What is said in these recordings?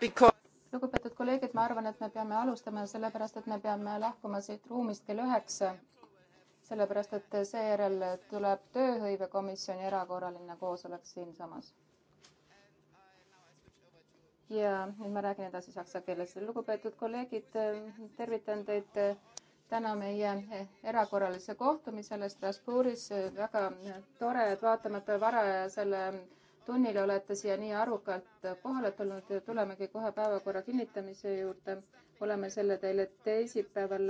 Because... lugupeetud kolleegid, ma arvan, et me peame alustama, sellepärast et me peame lahkuma siit ruumist kell üheksa. sellepärast, et seejärel tuleb tööhõivekomisjoni erakorraline koosolek siinsamas. ja nüüd ma räägin edasi saksa keeles. lugupeetud kolleegid, tervitan teid täna meie erakorralise kohtumisele Strasbourgis. väga tore, et vaatamata varajasele tunnile olete siia nii arukalt kohale tulnud ja tulemegi kohe päevakorra kinnitamise juurde. oleme selle teile teisipäeval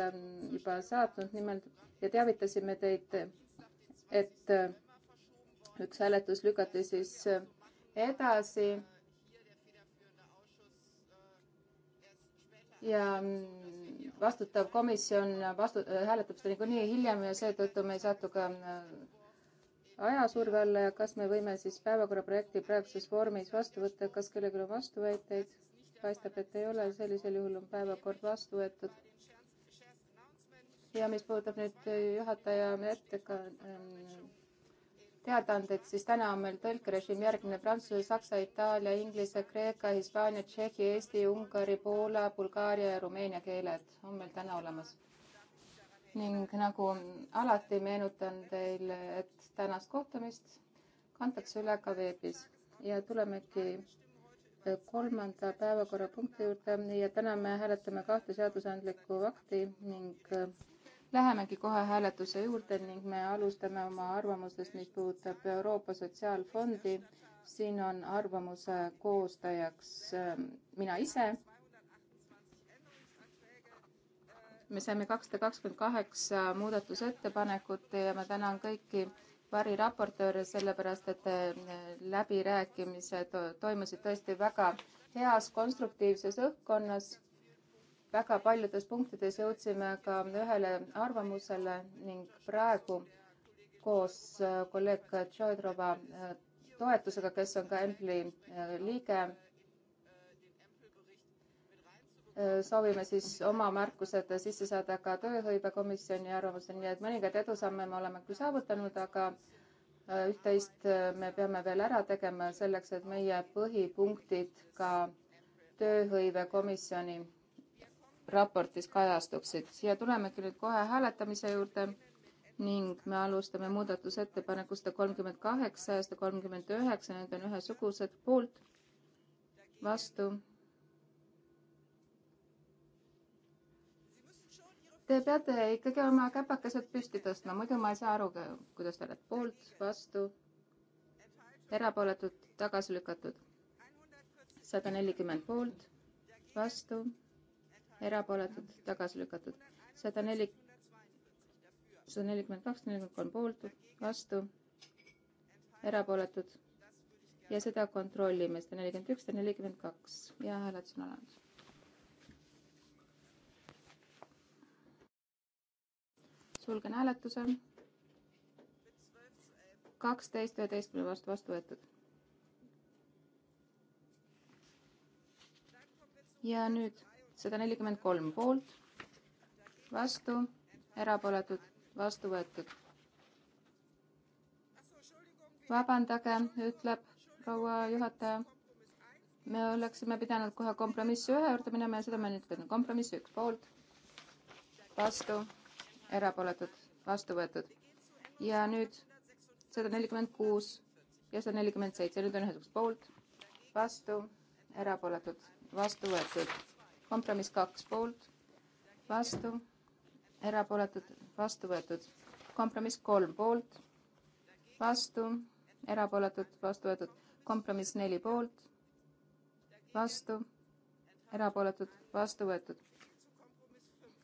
juba saatnud nimelt ja teavitasime teid, et üks hääletus lükati siis edasi. ja vastutav komisjon vastu- äh,, hääletab seda niikuinii hiljem ja seetõttu me ei satu ka ajasurve alla ja kas me võime siis päevakorra projekti praeguses vormis vastu võtta, kas kellelgi on vastuväiteid? paistab, et ei ole, sellisel juhul on päevakord vastu võetud. ja mis puudutab nüüd juhataja ettekannet, ähm, teadaanded, siis täna on meil tõlkerežiim järgmine prantsuse, saksa, itaalia, inglise, kreeka, hispaania, tšehhi, eesti, ungari, poola, bulgaaria ja rumeenia keeled on meil täna olemas. ning nagu alati meenutan teile, et tänast kohtumist kantakse üle ka veebis ja tulemegi e, kolmanda päevakorrapunkti juurde ja täna me hääletame kahte seadusandlikku akti ning e, lähemegi kohe hääletuse juurde ning me alustame oma arvamustest, mis puudutab Euroopa Sotsiaalfondi. siin on arvamuse koostajaks e, mina ise. me saime kakssada kakskümmend kaheksa muudatusettepanekut ja ma tänan kõiki variraportöör, sellepärast et eh, läbirääkimised toimusid tõesti väga heas konstruktiivses õhkkonnas. väga paljudes punktides jõudsime ka ühele arvamusele ning praegu koos eh, kolleeg Tšoidrova eh, toetusega, kes on ka EMPL-i liige, Äh, soovime siis oma märkused sisse saada ka tööhõivekomisjoni arvamusel, nii et mõningaid edusamme me oleme küll saavutanud, aga äh, üht-teist äh, me peame veel ära tegema selleks, et meie põhipunktid ka tööhõivekomisjoni raportis kajastuksid. siia tulemegi nüüd kohe hääletamise juurde ning me alustame muudatusettepanekust sada kolmkümmend kaheksa ja sada kolmkümmend üheksa, need on ühesugused, poolt, vastu Te peate ikkagi oma käpakesed püsti tõstma, muidu ma ei saa aru, kuidas te olete poolt, vastu, erapooletud, tagasi lükatud. sada nelikümmend poolt, vastu, erapooletud, tagasi lükatud. sada neli, sada nelikümmend kaks, nelikümmend kolm poolt, vastu, erapooletud ja seda kontrollime, sada nelikümmend üks, sada nelikümmend kaks ja hääletus on alanud sulgen hääletuse. kaksteist üheteistkümne vastu vastu võetud. ja nüüd sada nelikümmend kolm poolt, vastu, erapooletud, vastu võetud. vabandage, ütleb proua juhataja. me oleksime pidanud kohe kompromissi ühe juurde minema ja seda ma nüüd ütlen. kompromiss üks poolt, vastu erapooletud, vastu võetud. ja nüüd sada nelikümmend kuus ja sada nelikümmend seitse, nüüd on ühesugused poolt, vastu, erapooletud, vastu võetud. kompromiss kaks poolt, vastu, erapooletud, vastu võetud. kompromiss kolm poolt, vastu, erapooletud, vastu võetud. kompromiss neli poolt, vastu, erapooletud, vastu võetud.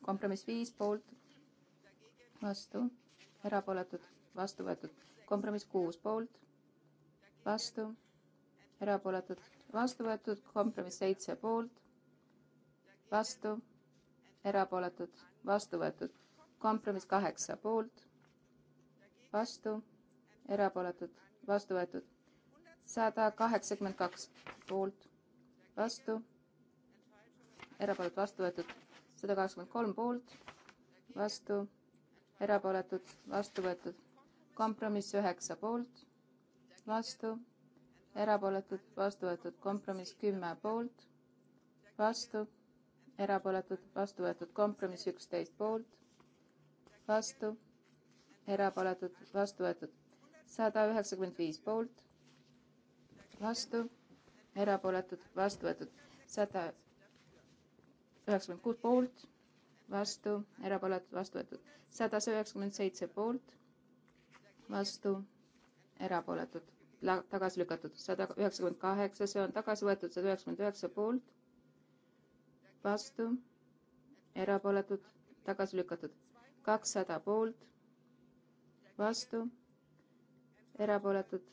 kompromiss viis poolt vastu, erapooletud, vastu võetud. kompromiss kuus poolt, vastu, erapooletud, vastu võetud. kompromiss seitse poolt, vastu, erapooletud, vastu võetud. kompromiss kaheksa poolt, vastu, erapooletud, vastu võetud. sada kaheksakümmend kaks poolt, vastu, erapooletud, vastu võetud. sada kakskümmend kolm poolt, vastu erapooletud, vastu võetud. kompromiss üheksa poolt, vastu, erapooletud, vastu võetud. kompromiss kümme poolt, vastu, erapooletud, vastu võetud. kompromiss üksteist poolt, vastu, erapooletud, vastu võetud. sada üheksakümmend viis poolt, vastu, erapooletud, vastu võetud. sada üheksakümmend kuus poolt vastu, erapooletud, vastu võetud. sada üheksakümmend seitse poolt, vastu, erapooletud, tagasi lükatud. sada üheksakümmend kaheksa, see on tagasi võetud, sada üheksakümmend üheksa poolt, vastu, erapooletud, tagasi lükatud. kakssada poolt, vastu, erapooletud.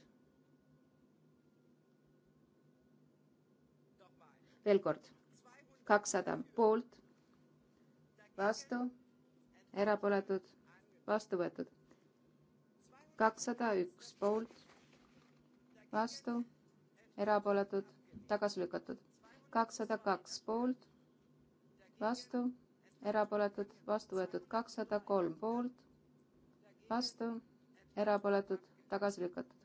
veel kord, kakssada poolt vastu, erapooletud, vastu võetud. kakssada üks poolt, vastu, erapooletud, tagasi lükatud. kakssada kaks poolt, vastu, erapooletud, vastu võetud. kakssada kolm poolt, vastu, erapooletud, tagasi lükatud.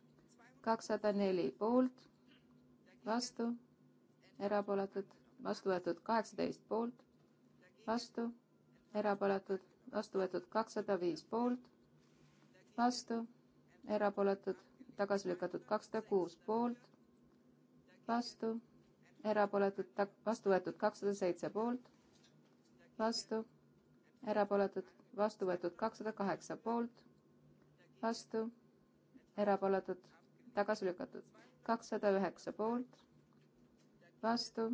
kakssada neli poolt, vastu, erapooletud, vastu võetud. kaheksateist poolt, vastu erapooletud, vastu võetud kakssada viis poolt, vastu, erapooletud, tagasi lükatud kakssada kuus poolt, vastu, erapooletud, vastu võetud kakssada seitse poolt, vastu, erapooletud, vastu võetud kakssada kaheksa poolt, vastu, erapooletud, tagasi lükatud kakssada üheksa poolt, vastu,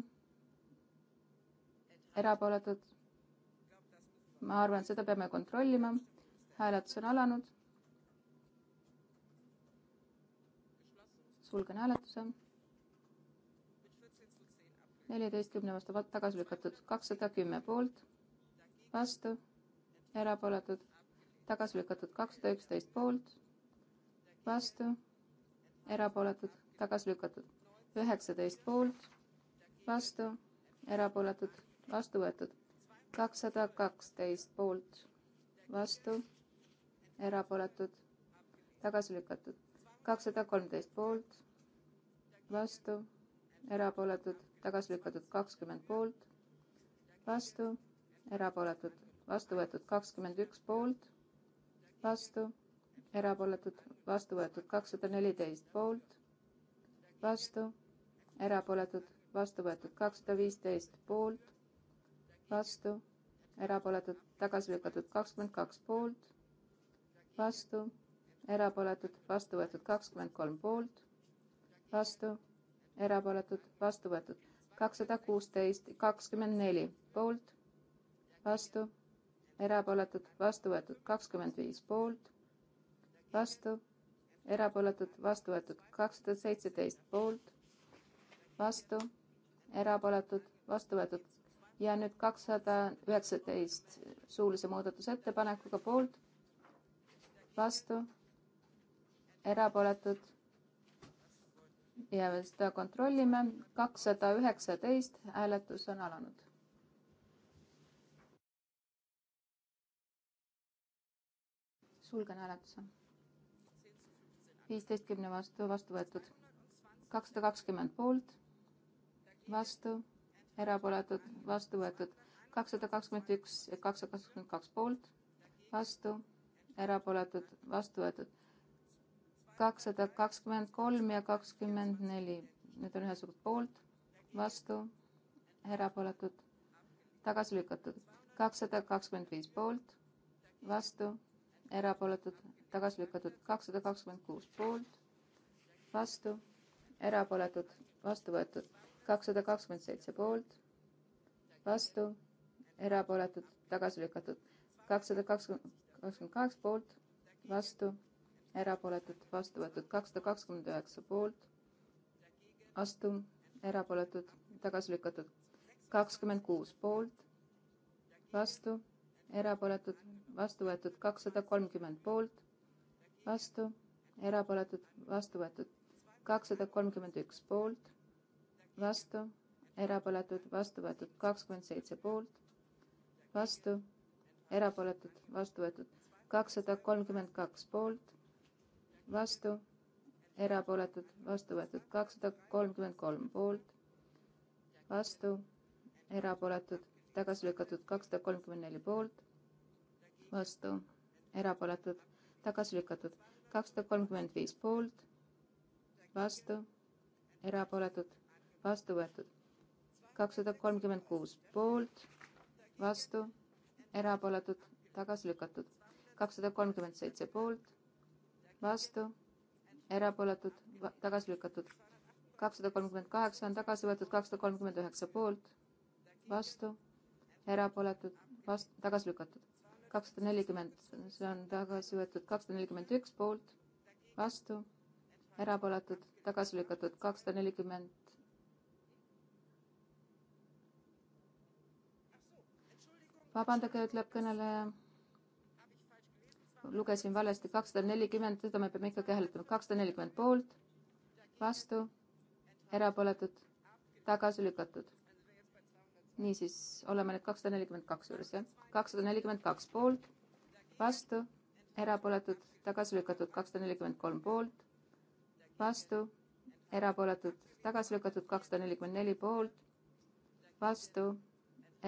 erapooletud, ma arvan, et seda peame kontrollima. hääletus on alanud. sulgen hääletuse. neliteist kümne vastu tagasi lükatud, kakssada kümme poolt, vastu, erapooletud, tagasi lükatud kakssada üksteist poolt, vastu, erapooletud, tagasi lükatud, üheksateist poolt, vastu, erapooletud, vastu võetud kakssada kaksteist poolt, vastu, erapooletud, tagasi lükatud. kakssada kolmteist poolt, vastu, erapooletud, tagasi lükatud. kakskümmend poolt, vastu, erapooletud, vastu võetud. kakskümmend üks poolt, vastu, erapooletud, vastu võetud. kakssada neliteist poolt, vastu, erapooletud, vastu võetud. kakssada viisteist poolt vastu, erapooletud, tagasi lükatud kakskümmend kaks poolt, vastu, erapooletud, vastu võetud kakskümmend kolm poolt, vastu, erapooletud, vastu võetud kakssada kuusteist, kakskümmend neli poolt, vastu, erapooletud, vastu võetud kakskümmend viis poolt, vastu, erapooletud, vastu võetud kakssada seitseteist poolt, vastu, erapooletud, vastu võetud ja nüüd kakssada üheksateist suulise muudatusettepanekuga poolt, vastu, erapooletud ja seda kontrollime. kakssada üheksateist hääletus on alanud. sulgen hääletuse. viisteist kümne vastu, vastu võetud. kakssada kakskümmend poolt, vastu erapooletud, vastu võetud kakssada kakskümmend üks ja kakssada kakskümmend kaks poolt, vastu, erapooletud, vastu võetud kakssada kakskümmend kolm ja kakskümmend neli, need on ühesugused poolt, vastu, erapooletud, tagasi lükatud, kakssada kakskümmend viis poolt, vastu, erapooletud, tagasi lükatud, kakssada kakskümmend kuus poolt, vastu, erapooletud, vastu võetud kakssada kakskümmend seitse poolt, vastu, erapooletud, tagasi lükatud. kakssada kakskümmend, kakskümmend kaheksa poolt, vastu, erapooletud, vastu võetud. kakssada kakskümmend üheksa poolt, vastu, erapooletud, tagasi lükatud. kakskümmend kuus poolt, vastu, erapooletud, vastu võetud. kakssada kolmkümmend poolt, vastu, erapooletud, vastu võetud. kakssada kolmkümmend üks poolt vastu, erapooletud, vastu võetud kakskümmend seitse poolt, vastu, erapooletud, vastu võetud kakssada kolmkümmend kaks poolt, vastu, erapooletud, vastu võetud kakssada kolmkümmend kolm poolt, vastu, erapooletud, tagasi lükatud kakssada kolmkümmend neli poolt, vastu, erapooletud, tagasi lükatud kakssada kolmkümmend viis poolt, vastu, erapooletud vastu võetud. kakssada kolmkümmend kuus poolt, vastu, erapooletud, tagasi lükatud. kakssada kolmkümmend seitse poolt, vastu, erapooletud, tagasi lükatud. kakssada kolmkümmend kaheksa on tagasi võetud, kakssada kolmkümmend üheksa poolt, vastu, erapooletud, vast-, tagasi lükatud. kakssada nelikümmend, see on tagasi võetud, kakssada nelikümmend üks poolt, vastu, erapooletud, tagasi lükatud, kakssada nelikümmend vabandage, ütleb kõneleja. lugesin valesti, kakssada nelikümmend, seda me peame ikkagi hääletama, kakssada nelikümmend poolt, vastu, erapooletud, tagasi lükatud. niisiis, oleme nüüd kakssada nelikümmend kaks juures, jah. kakssada nelikümmend kaks poolt, vastu, erapooletud, tagasi lükatud, kakssada nelikümmend kolm poolt, vastu, erapooletud, tagasi lükatud, kakssada nelikümmend neli poolt, vastu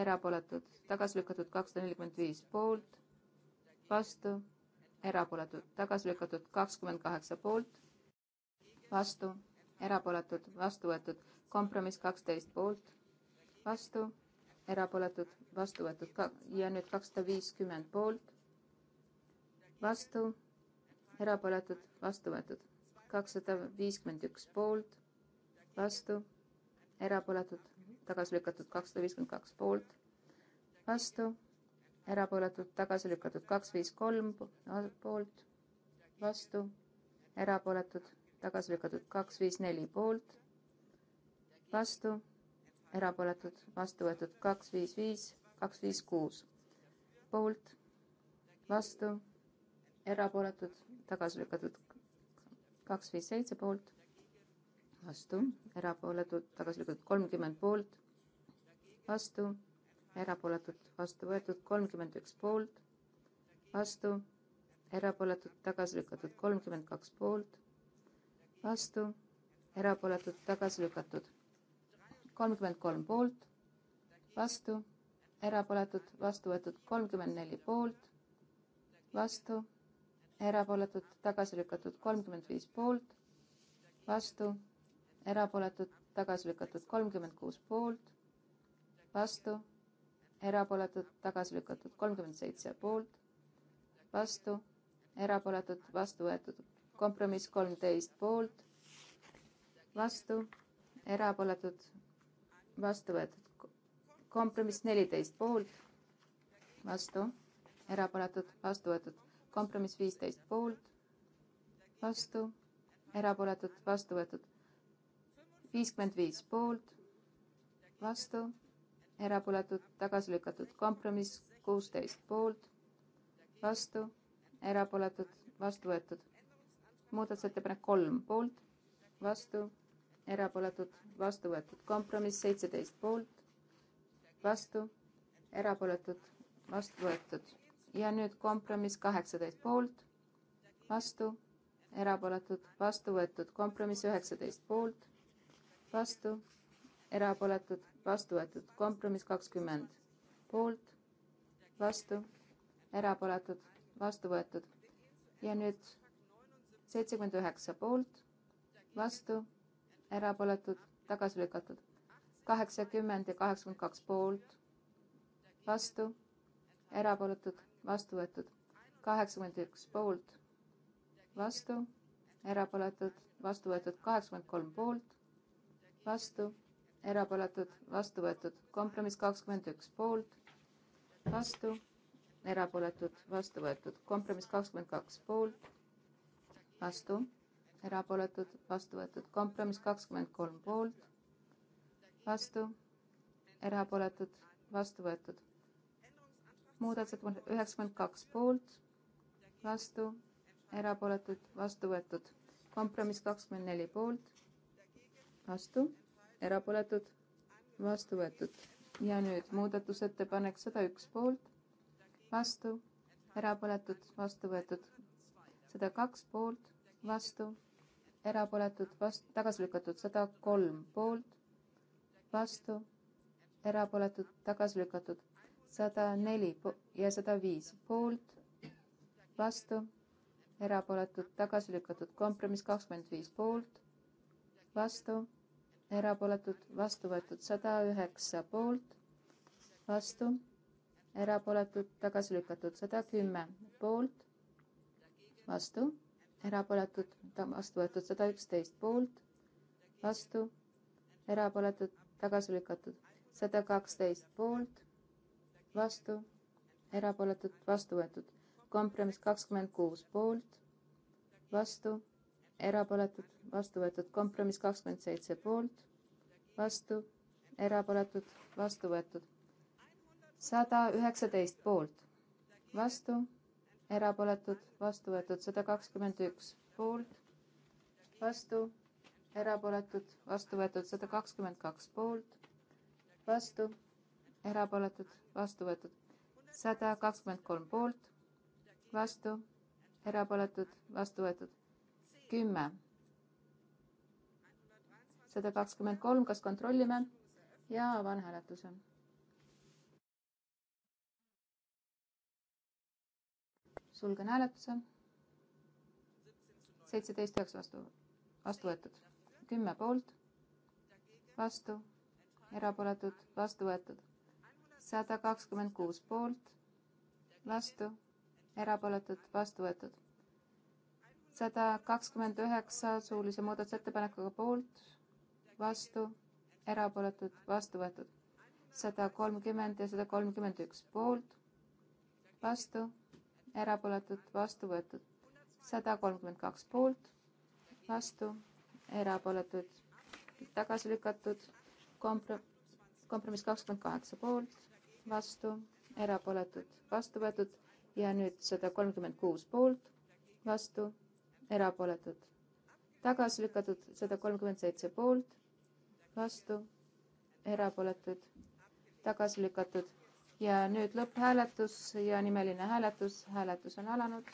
erapooletud, tagasi lükatud kakssada nelikümmend viis poolt, vastu, erapooletud, tagasi lükatud kakskümmend kaheksa poolt, vastu, erapooletud, vastu võetud, kompromiss kaksteist poolt, vastu, erapooletud, vastu võetud ka ja nüüd kakssada viiskümmend poolt, vastu, erapooletud, vastu võetud, kakssada viiskümmend üks poolt, vastu, erapooletud, tagasi lükatud kakssada viiskümmend kaks poolt, vastu, erapooletult tagasi lükatud kaks viis kolm ah, poolt, vastu, erapooletud tagasi lükatud kaks viis neli poolt, vastu, erapooletud vastu võetud kaks viis viis, kaks viis kuus poolt, vastu, erapooletud tagasi lükatud kaks viis seitse poolt, vastu, erapooletud, tagasi lükatud kolmkümmend poolt, vastu, erapooletud, vastu võetud kolmkümmend üks poolt, vastu, erapooletud, tagasi lükatud kolmkümmend kaks poolt, vastu, erapooletud, tagasi lükatud kolmkümmend kolm poolt, vastu, erapooletud, vastu võetud kolmkümmend neli poolt, vastu, erapooletud, tagasi lükatud kolmkümmend viis poolt, vastu erapooletud, tagasi lükatud kolmkümmend kuus poolt, vastu, erapooletud, tagasi lükatud kolmkümmend seitse poolt, vastu, erapooletud, vastu võetud, kompromiss kolmteist poolt, vastu, erapooletud, vastu võetud, kompromiss neliteist poolt, vastu, erapooletud, vastu võetud, kompromiss viisteist poolt, vastu, erapooletud, vastu võetud, viiskümmend viis poolt, vastu, erapooletud, tagasi lükatud. kompromiss kuusteist poolt, vastu, erapooletud, vastu võetud. muudatusettepanek kolm poolt, vastu, erapooletud, vastu võetud. kompromiss seitseteist poolt, vastu, erapooletud, vastu võetud. ja nüüd kompromiss kaheksateist poolt, vastu, erapooletud, vastu võetud. kompromiss üheksateist poolt vastu, erapooletud, vastu võetud. kompromiss kakskümmend, poolt, vastu, erapooletud, vastu võetud. ja nüüd seitsekümmend üheksa poolt, vastu, erapooletud, tagasi lükatud. kaheksakümmend ja kaheksakümmend kaks poolt, vastu, erapooletud, vastu võetud. kaheksakümmend üks poolt, vastu, erapooletud, vastu võetud. kaheksakümmend kolm poolt vastu, erapooletud, vastu võetud. kompromiss kakskümmend üks poolt, vastu, erapooletud, vastu võetud. kompromiss kakskümmend kaks poolt, vastu, erapooletud, vastu võetud. kompromiss kakskümmend kolm poolt, vastu, erapooletud, vastu võetud. muudatusettepanek üheksakümmend kaks poolt, vastu, erapooletud, vastu võetud. kompromiss kakskümmend neli poolt, vastu, erapooletud, vastu võetud. ja nüüd muudatusettepanek sada üks poolt, vastu, erapooletud, vastu võetud. sada kaks poolt, vastu, erapooletud, vastu, tagasi lükatud, sada kolm poolt, vastu, erapooletud, tagasi lükatud, sada neli ja sada viis poolt, vastu, erapooletud, tagasi lükatud, kompromiss kakskümmend viis poolt vastu, erapooletud, vastu võetud sada üheksa poolt, vastu, erapooletud, tagasi lükatud sada kümme poolt, vastu, erapooletud, vastu võetud sada üksteist poolt, vastu, erapooletud, tagasi lükatud sada kaksteist poolt, vastu, erapooletud, vastu võetud kompromiss kakskümmend kuus poolt, vastu erapooletud, vastu võetud. kompromiss kakskümmend seitse poolt, vastu, erapooletud, vastu võetud. sada üheksateist poolt, vastu, erapooletud, vastu võetud. sada kakskümmend üks poolt, vastu, erapooletud, vastu võetud. sada kakskümmend kaks poolt, vastu, erapooletud, vastu võetud. sada kakskümmend kolm poolt, vastu, erapooletud, vastu võetud kümme. sada kakskümmend kolm, kas kontrollime? ja avan hääletuse. sulgen hääletuse. seitseteist üheksa vastu, vastu võetud, kümme poolt, vastu, erapooletud, vastu võetud, sada kakskümmend kuus poolt, vastu, erapooletud, vastu võetud sada kakskümmend üheksa suulise muudatusettepanekuga poolt, vastu, erapooletud, vastu võetud. sada kolmkümmend ja sada kolmkümmend üks poolt, vastu, erapooletud, vastu võetud. sada kolmkümmend kaks poolt, vastu, erapooletud, tagasi lükatud, kompro-, kompromiss kakskümmend kaheksa poolt, vastu, erapooletud, vastu võetud ja nüüd sada kolmkümmend kuus poolt, vastu erapooletud, tagasi lükatud sada kolmkümmend seitse poolt, vastu, erapooletud, tagasi lükatud ja nüüd lõpphääletus ja nimeline hääletus, hääletus on alanud.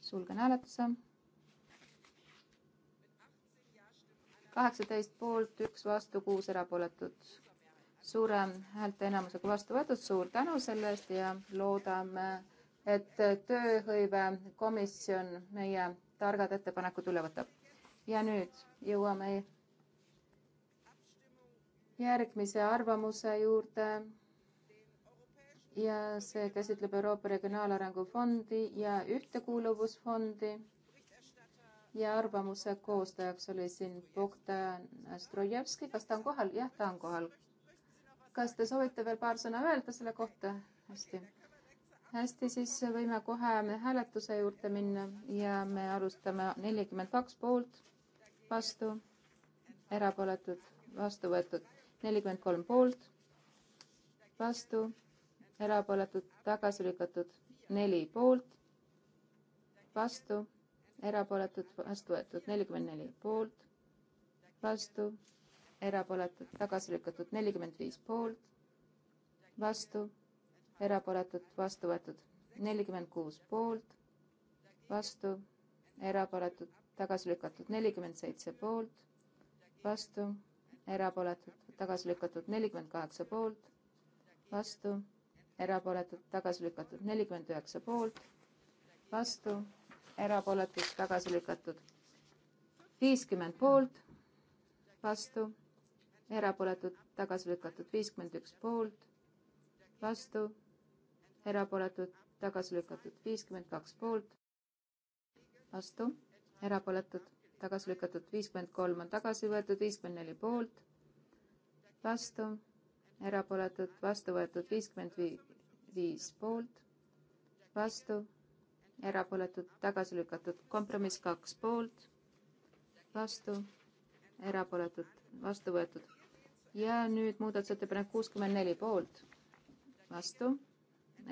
sulgen hääletuse. kaheksateist poolt, üks vastu, kuus erapooletut suure häälteenamusega vastu võetud, suur tänu selle eest ja loodame, et tööhõivekomisjon meie targad ettepanekud üle võtab. ja nüüd jõuame järgmise arvamuse juurde. ja see käsitleb Euroopa Regionaalarengu Fondi ja Ühtekuuluvusfondi. ja arvamuse koostajaks oli siin Bogdan Strojevski, kas ta on kohal? jah, ta on kohal kas te soovite veel paar sõna öelda selle kohta? hästi. hästi, siis võime kohe hääletuse juurde minna ja me alustame nelikümmend kaks poolt, vastu, erapooletud, vastu võetud, nelikümmend kolm poolt, vastu, erapooletud, tagasi lükatud, neli poolt, vastu, erapooletud, vastu võetud, nelikümmend neli poolt, vastu, erapooletud, tagasi lükatud, nelikümmend viis poolt, vastu, erapooletud, vastu võetud, nelikümmend kuus poolt, vastu, erapooletud, tagasi lükatud, nelikümmend seitse poolt, vastu, erapooletud, tagasi lükatud, nelikümmend kaheksa poolt, vastu, erapooletud, tagasi lükatud, nelikümmend üheksa poolt, vastu, erapooletud, tagasi lükatud, viiskümmend poolt, vastu erapooletud, tagasi lükatud viiskümmend üks poolt, vastu, erapooletud, tagasi lükatud viiskümmend kaks poolt, vastu, erapooletud, tagasi lükatud viiskümmend kolm on tagasi võetud, viiskümmend neli poolt, vastu, erapooletud, vastu võetud viiskümmend viis poolt, vastu, erapooletud, tagasi lükatud, kompromiss kaks poolt, vastu, erapooletud, vastu võetud ja nüüd muudatusettepanek kuuskümmend neli poolt, vastu,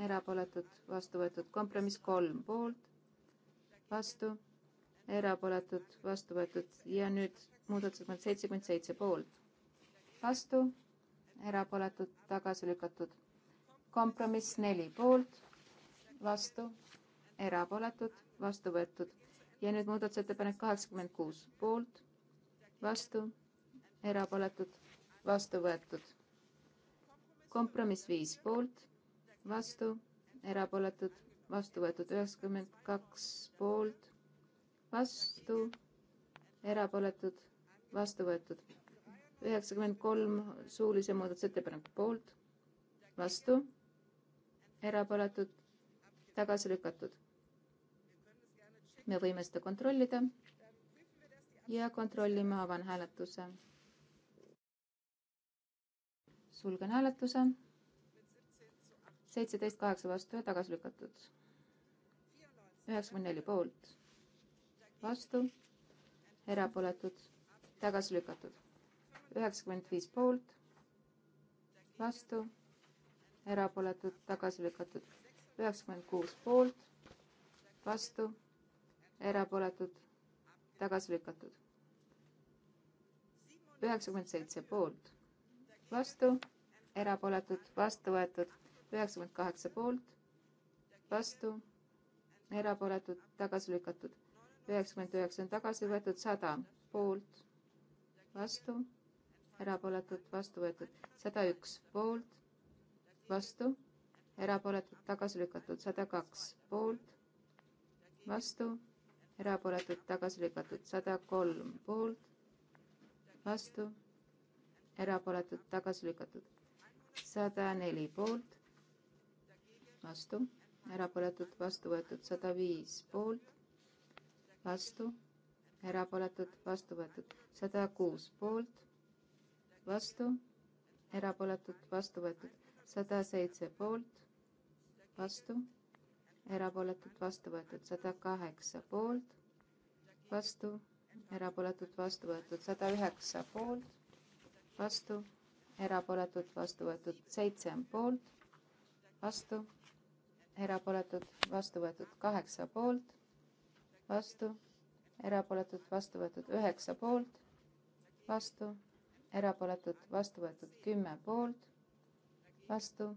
erapooletud, vastu võetud, kompromiss kolm poolt, vastu, erapooletud, vastu võetud ja nüüd muudatusettepanek seitsekümmend seitse poolt, vastu, erapooletud, tagasi lükatud, kompromiss neli poolt, vastu, erapooletud, vastu võetud ja nüüd muudatusettepanek kaheksakümmend kuus poolt, vastu, erapooletud vastu võetud. kompromiss viis poolt, vastu, erapooletud, vastu võetud üheksakümmend kaks poolt, vastu, erapooletud, vastu võetud. üheksakümmend kolm suulise muudatusettepaneku poolt, vastu, erapooletud, tagasi lükatud. me võime seda kontrollida ja kontrollime, avan hääletuse sulgen hääletuse. seitseteist kaheksa vastu ja tagasi lükatud. üheksakümmend neli poolt, vastu, erapooletud, tagasi lükatud. üheksakümmend viis poolt, vastu, erapooletud, tagasi lükatud. üheksakümmend kuus poolt, vastu, erapooletud, tagasi lükatud. üheksakümmend seitse poolt vastu, erapooletud, vastu võetud üheksakümmend kaheksa poolt, vastu, erapooletud, tagasi lükatud. üheksakümmend üheksa on tagasi võetud, sada poolt, vastu, erapooletud, vastu võetud, sada üks poolt, vastu, erapooletud, tagasi lükatud, sada kaks poolt, vastu, erapooletud, tagasi lükatud, sada kolm poolt, vastu, erapooletud, tagasi lükatud sada neli poolt, vastu, erapooletud, vastu võetud sada viis poolt, vastu, erapooletud, vastu võetud sada kuus poolt, vastu, erapooletud, vastu võetud sada seitse poolt, vastu, erapooletud, vastu võetud sada kaheksa poolt, vastu, erapooletud, vastu võetud sada üheksa poolt, vastu erapooletud, vastu võetud seitse poolt, vastu, erapooletud, vastu võetud kaheksa poolt, vastu, erapooletud, vastu võetud üheksa poolt, vastu, erapooletud, vastu võetud kümme poolt, vastu,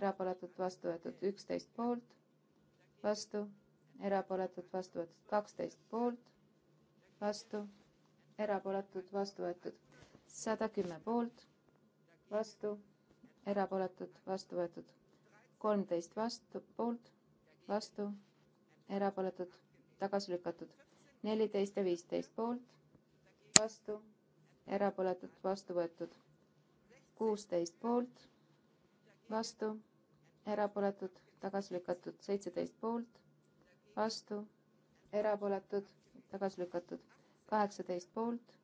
erapooletud, vastu võetud üksteist poolt, vastu, erapooletud, vastu võetud kaksteist poolt, vastu, erapooletud, vastu võetud sada kümme poolt vastu, erapooletud, vastu võetud. kolmteist vastu, poolt, vastu, erapooletud, tagasi lükatud. neliteist ja viisteist poolt, vastu, erapooletud, vastu võetud. kuusteist poolt, vastu, erapooletud, tagasi lükatud. seitseteist poolt, vastu, erapooletud, tagasi lükatud. kaheksateist poolt,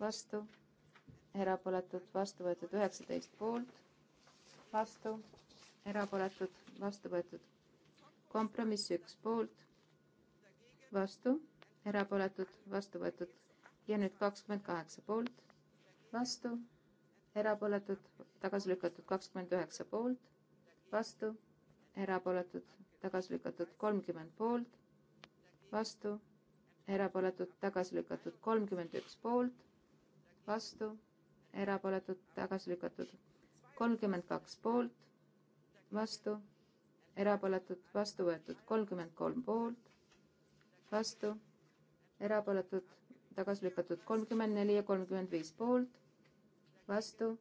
vastu erapooletud, vastu võetud üheksateist poolt, vastu, erapooletud, vastu võetud. kompromiss üks poolt, vastu, erapooletud, vastu võetud ja nüüd kakskümmend kaheksa poolt, vastu, erapooletud, tagasi lükatud kakskümmend üheksa poolt, vastu, erapooletud, tagasi lükatud kolmkümmend poolt, vastu, erapooletud, tagasi lükatud kolmkümmend üks poolt, vastu erapooletud, tagasi lükatud. kolmkümmend kaks poolt, vastu, erapooletud, vastu võetud. kolmkümmend kolm poolt, vastu, erapooletud, tagasi lükatud. kolmkümmend neli ja kolmkümmend viis poolt, vastu,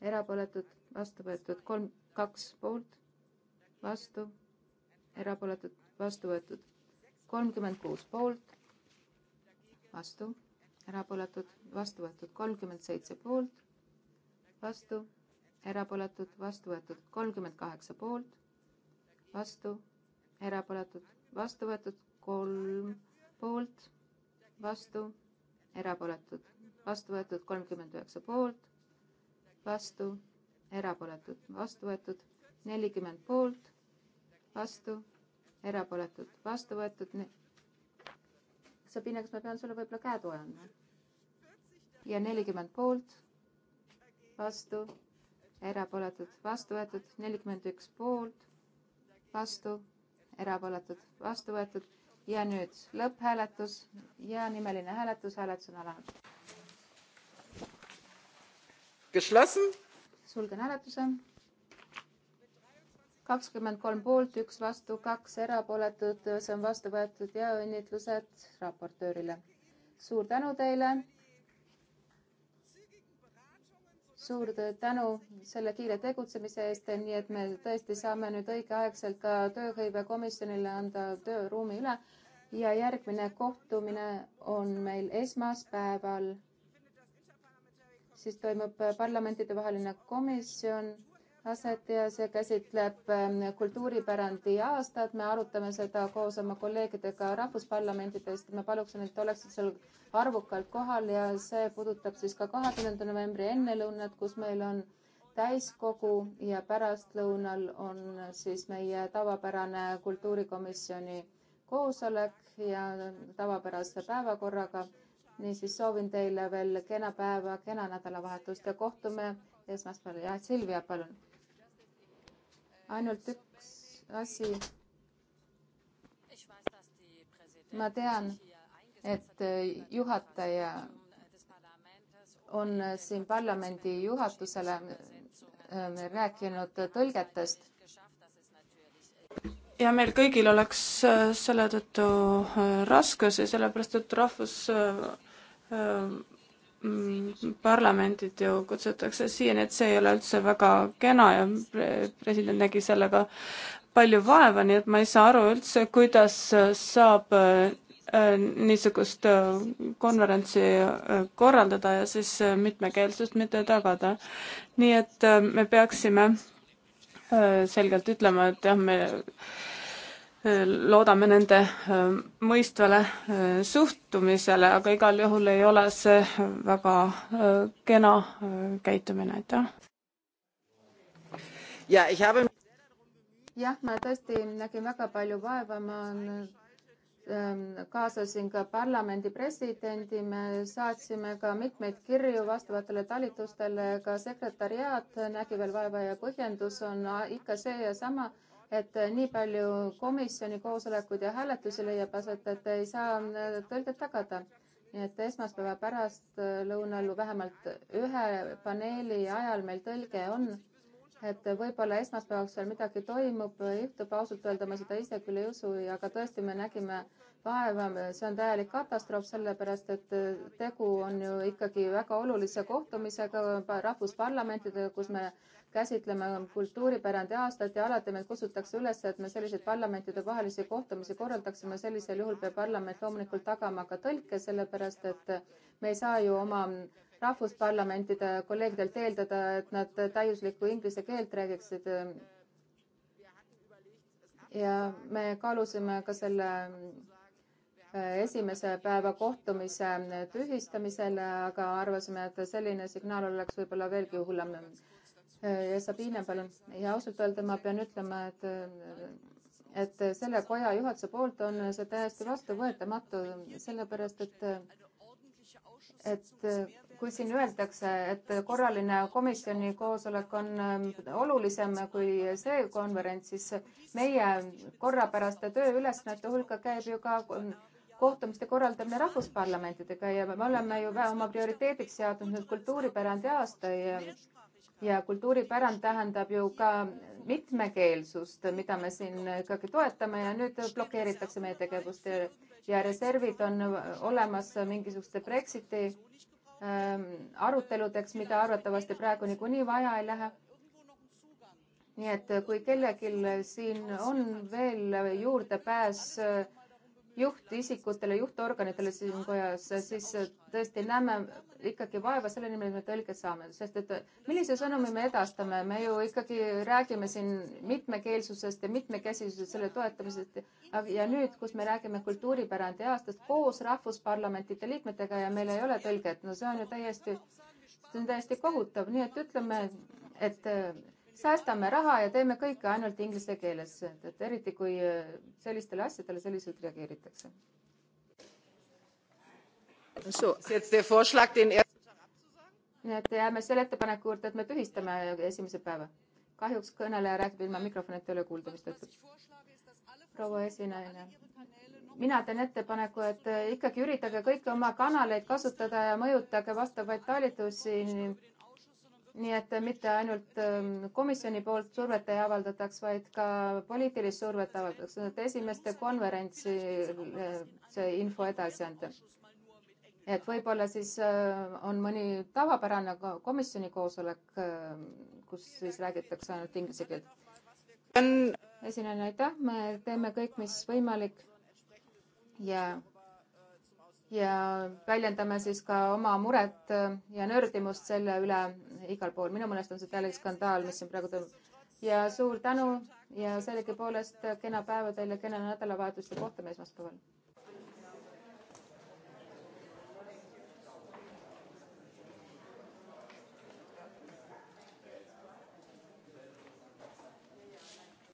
erapooletud, vastu võetud. kolm, kaks poolt, vastu, erapooletud, vastu võetud. kolmkümmend kuus poolt, vastu erapooletud, vastu võetud kolmkümmend seitse poolt, vastu, erapooletud, vastu võetud kolmkümmend kaheksa poolt, vastu, erapooletud, vastu võetud kolm poolt, vastu, erapooletud, vastu võetud kolmkümmend üheksa poolt, vastu, erapooletud, vastu võetud nelikümmend poolt, vastu, erapooletud, vastu võetud sa Pinneks, ma pean sulle võib-olla käe toe andma. ja nelikümmend poolt, vastu, erapooletud, vastu võetud, nelikümmend üks poolt, vastu, erapooletud, vastu võetud ja nüüd lõpphääletus ja nimeline hääletus, hääletus on alanud. Geschlossen. sulgen hääletuse kakskümmend kolm poolt, üks vastu, kaks erapooletut, see on vastu võetud ja õnnitlused raportöörile. suur tänu teile. suur tänu selle kiire tegutsemise eest, nii et me tõesti saame nüüd õigeaegselt ka tööhõivekomisjonile anda tööruumi üle ja järgmine kohtumine on meil esmaspäeval siis toimub parlamentidevaheline komisjon aset ja see käsitleb ähm, kultuuripärandi aastat. me arutame seda koos oma kolleegidega rahvusparlamentidest. ma paluksin, et oleksid seal arvukalt kohal ja see puudutab siis ka kahekümnenda novembri ennelõunat, kus meil on täiskogu ja pärastlõunal on siis meie tavapärane kultuurikomisjoni koosolek ja tavapärase päevakorraga. niisiis soovin teile veel kena päeva, kena nädalavahetust ja kohtume esmaspäeval ja Silvia, palun ainult üks asi. ma tean, et äh, juhataja on äh, siin parlamendi juhatusele äh, rääkinud tõlgetest. ja meil kõigil oleks selle tõttu raskusi, sellepärast et rahvus Mm, parlamentid ju kutsutakse siia, nii et see ei ole üldse väga kena ja president nägi sellega palju vaeva, nii et ma ei saa aru üldse, kuidas saab äh, niisugust äh, konverentsi äh, korraldada ja siis mitmekeelsust mitte tagada. nii et me peaksime selgelt ütlema, et jah, me loodame nende mõistvale suhtumisele, aga igal juhul ei ole see väga kena käitumine, aitäh. jah, ma tõesti nägin väga palju vaeva, ma ähm, kaasasin ka parlamendi presidendi, me saatsime ka mitmeid kirju vastavatele talitustele, ka sekretäriaat nägi veel vaeva ja põhjendus on ikka see ja sama et eh, nii palju komisjoni koosolekuid ja hääletusi leiab aset, et ei saa eh, tõlget tagada. nii et esmaspäeva pärastlõunal vähemalt ühe paneeli ajal meil tõlge on. et võib-olla esmaspäevaks veel midagi toimub, juhtub, ausalt öelda ma seda ise küll ei usu, aga tõesti, me nägime vaeva, see on täielik katastroof, sellepärast et eh, tegu on ju ikkagi väga olulise kohtumisega rahvusparlamentidega, kus me käsitleme kultuuripärandi aastat ja alati meid kutsutakse üles, et me selliseid parlamentidevahelisi kohtumisi korraldaksime, sellisel juhul peab parlament loomulikult tagama ka tõlke, sellepärast et me ei saa ju oma rahvusparlamentide kolleegidelt eeldada, et nad täiuslikku inglise keelt räägiksid. ja me kaalusime ka selle äh, esimese päeva kohtumise tühistamisele, aga arvasime, et selline signaal oleks võib-olla veelgi hullem Äh, ja Sabine, palun. ja ausalt öelda ma pean ütlema, et, äh, et selle koja juhatuse poolt on see täiesti vastuvõetamatu, sellepärast et, et äh, kui siin öeldakse, et korraline komisjoni koosolek on olulisem kui see konverents, siis meie korrapäraste tööülesannete hulka käib ju ka kohtumiste korraldamine rahvusparlamentidega ja me oleme ju oma prioriteediks seadnud nüüd kultuuripärandi aasta ja ja kultuuripärand tähendab ju ka mitmekeelsust, mida me siin ikkagi toetame ja nüüd blokeeritakse meie tegevust ja reservid on olemas mingisuguste Brexiti ähm, aruteludeks, mida arvatavasti praegu niikuinii vaja ei lähe. nii et kui kellelgi siin on veel juurdepääs äh, juhtisikutele, juhtorganitele siin kojas, siis tõesti näeme ikkagi vaeva selle nimel, et me tõlged saame, sest et millise sõnumi me edastame, me ju ikkagi räägime siin mitmekeelsusest ja mitmekesisusest, selle toetamisest. ja nüüd, kus me räägime kultuuripärandi aastast koos rahvusparlamentide liikmetega ja meil ei ole tõlget, no see on ju täiesti, see on täiesti kohutav, nii et ütleme, et säästame raha ja teeme kõike ainult inglise keeles, et eriti kui äh, sellistele asjadele selliselt reageeritakse. Er- nii et jääme selle ettepaneku juurde, et me tühistame esimese päeva. kahjuks kõneleja räägib ilma mikrofonita üle kuulda, mistõttu. proua esinaine, mina teen ettepaneku, et äh, ikkagi üritage kõiki oma kanaleid kasutada ja mõjutage vastavaid talitusi nii et äh, mitte ainult ähm, komisjoni poolt survet ei avaldataks, vaid ka poliitilist survet avaldatakse, et esimeste konverentsi äh, see info edasi anda. et võib-olla siis äh, on mõni tavapärane komisjoni koosolek, kus siis räägitakse ainult inglise keelt. esinejana aitäh, me teeme kõik, mis võimalik ja yeah ja väljendame siis ka oma muret äh, ja nördimust selle üle igal pool. minu meelest on see täielik skandaal, mis siin praegu toimub. ja suur tänu ja sellegipoolest kena päeva teile, kena nädalavahetust ja kohtume esmaspäeval